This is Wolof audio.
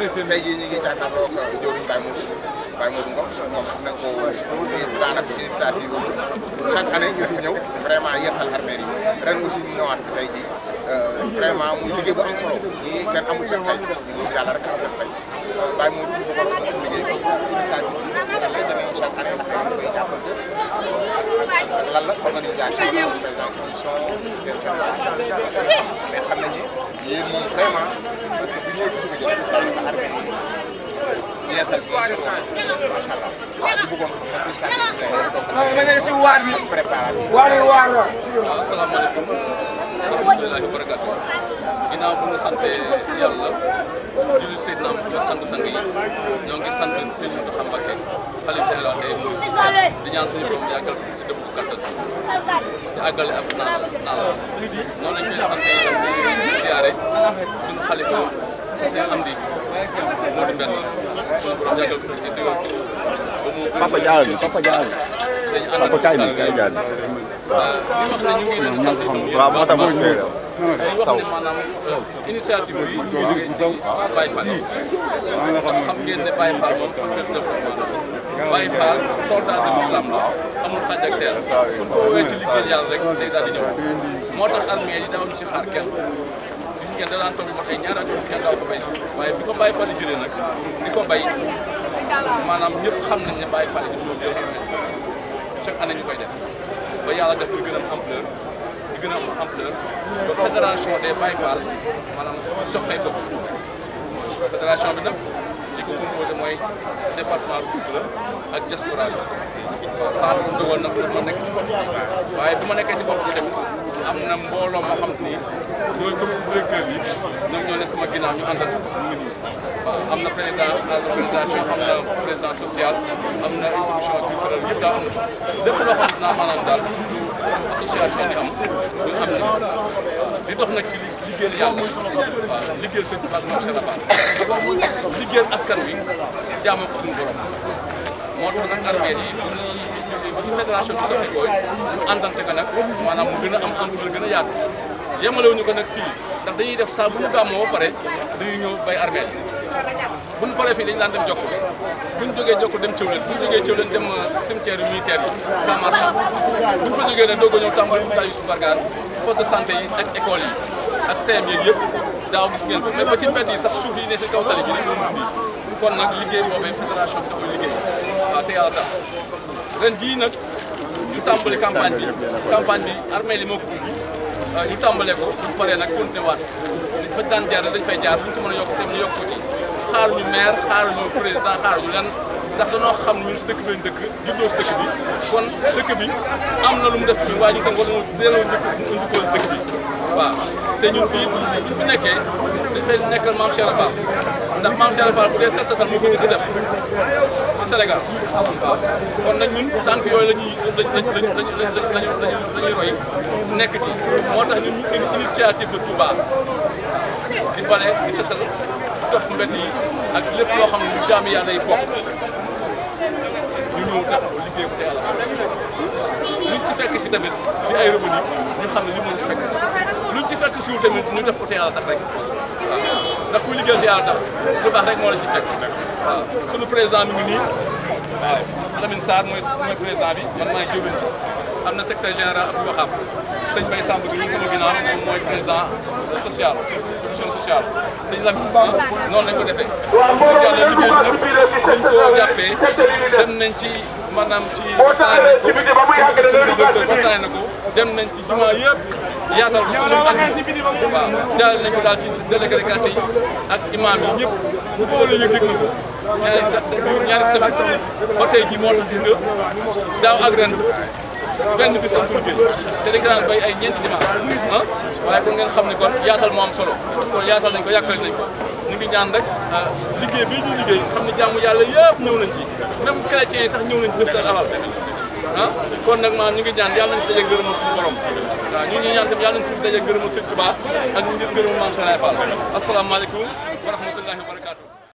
tey jii ñu ngi jàkkaarloo ak jëwriñ Baye Modou Baye Modou Ngom moom xam nañ ko daanaka ci initiative chaque année ñu fi ñëw vraiment yeesal armée yi ren aussi ñu ñëwaat fi tey jii euh, vraiment muy liggéey bu am solo ñii kenn amul seen fay moom yàlla rek am seen fay Baye Modou ñu bëggoon liggéey initiative bi chaque année lan la organisation de représentation mais xam nañ ne yéen moom vraiment parce que bu ñëwee ci suñu jëlee dafa armé yeesal bi macha allah bëggoon xam waat yi préparation. waaw asalaamaaleykum wa rahmatulahi wa barakatuh ginnaaw bu ñu sante yàlla julli Seydina Muhammad sang-sang yi ñoo ngi sant Sëriñ Mountakha Mbacké xalif général day mu te àggale ab sant itam di siyaare suñu xalifa seen am di moo di benn suñu ci dëggal ko ba mu papa jaar papa dañu ànd ak papa kaay mi kaay jaar waaw li wax ne ñu ngi leen sant waaw moo tax di wax ne maanaam initiative yi ñu jógee ci Baye Fall yi xam ngeen ne Baye Fall moom facteur de développement Baye Fall soldat de l'islam la amul xaj ak seer bu rek day daal di ñëw moo tax armée yi dafa am ci xaar kenn gis ngeen da daan toog ba tey ñaari at yooyu kenn daa ko bay bi ko Baye Fall yi jëlee nag di ko bay maanaam ñëpp xam nañ ne Baye Fall yi dañoo jël chaque année ñu koy def ba yàlla def ñu gën a am ampleur gën a am ampleur ba fédération des Baye Fall maanaam soqee ko fa fédération bi li ko composé mooy département bu Koungheul la ak diaspora bi waaw saa mu dogal nag ma nekk si bopp bi waaye bi ma nekk si bopp bi tamit am na mbooloo moo ne sama ginnaaw ñu àndal nit ñi waaw am na président organisation am na président social am na commission culturelle yëpp daal am loo xam ne maanaam daal. association di am ñu xam ne li dox nag ci liggéeyal yàlla waaw liggéeyal seen place Mame Cheikh Ibra liggéeyal askan wi jaamoo ko suñu borom moo tax nag armée yi ba ci fédération bi soxe koy ñu àndante ko nag maanaam mu gën a am ampleur gën a yaatu yemalewuñu ko nag fii ndax dañuy def saa bu ñu gàmmoo ba pare dañuy ñëw bay armée yi bu ñu paree fii dañu daan dem Jokkul bu ñu jógee Jokkul dem Thiawlène bu ñu jógee Thiawlène dem euh, cimetière yu militaire yi Camp Marchand bu ñu fa jógee nag doog a ñëw tàmbali hôpital Youssou Mbargane poste de santé yi ak école yi ak CM yeeg yëpp daaw gis ngeen ko mais ba ci fête yi sax suuf yi ne si kaw tali bi dañ doon dund kon nag liggéey boobee fédération bi da liggéey waaw te yàlla tax ren jii nag ñu tàmbali campagne bi campagne bi armée li moo ko Euh, ñu tàmbale ko bu paree nag continué waat li fa daan jaar dañ fay jaar bu ñu ci mën a yokk te ñu yokk ko ci xaaruñu maire xaaruñu président ndax danoo xam ñun si dëkk bi lañ dëkk juddoo si dëkk bi kon dëkk bi am na lu mu def si waaye ñu tam war nañoo delloo njëkkoon dëkk bi waaw te ñun fii buñ fi nekkee dañ fay nekkal maam Cheikh Fall ndax maam Cheikh Fall bu dee set setal moo ko njëkk a def si Sénégal waaw kon nag ñun tànk yooyu la ñuy la lañu lañu lañuy roy nekk ci moo tax ñun ñu initiative de Touba di bale di setal topp mbedd yi ak lépp loo xam ne ñu jaami yàlla yi bokk yëpp te yàlla luñ ci fekk si tamit di ay rëbb ñu xam ne li mën ci fekk si luñ ci fekk siwul tamit ñu def ko te yàlla tax rek waaw ndax kuy liggéeyal te yàlla tax lu baax rek moo la ci fekk waaw suñu président mi ngi nii waaw Lamine Sarr mooy président bi man ci secrétaire général Abdou Wahab Samb bi ñu sama président social commission sociale sëñ Lamine noonu lañ ko liggéey bi nag dañ koo jàppee dem nañ ci maanaam ci waxtaanee ko waxtaanee na ko dem nañ ci jumaa yëpp yaatal ko ci ànd waaw jaarale nañ ko daal ci délégué de quartier yi ak imaam yi ñëpp bu boole ñu dégg na ko ñaari ñaari semaine ba tey ji moo tax nga daaw ak ren benn bis lañ koy jël te dañ ko daan béy ay ñeenti dimanche ah waaye kon ngeen xam ne ko yaatal moo am solo kon yaatal nañ ko yàkkal nañ ko ñu ngi ñaan rek ah, liggéey bi ñuy liggéey xam ne jaamu yàlla yëpp ñëw nañ ci même chrétiens yi sax ñëw nañ def seen alal ah ko nag maanaam ñu ngi ñaan yàlla nañ ci daje gërëma suñu borom waaw ñu ngi ñaan tam yàlla nañ ci daje gërëma Sëriñ Tuubaa ak ñu ngi gërëma Maam Saraay Fall asalaamaaleykum wa rahmatullahi wa barakatuh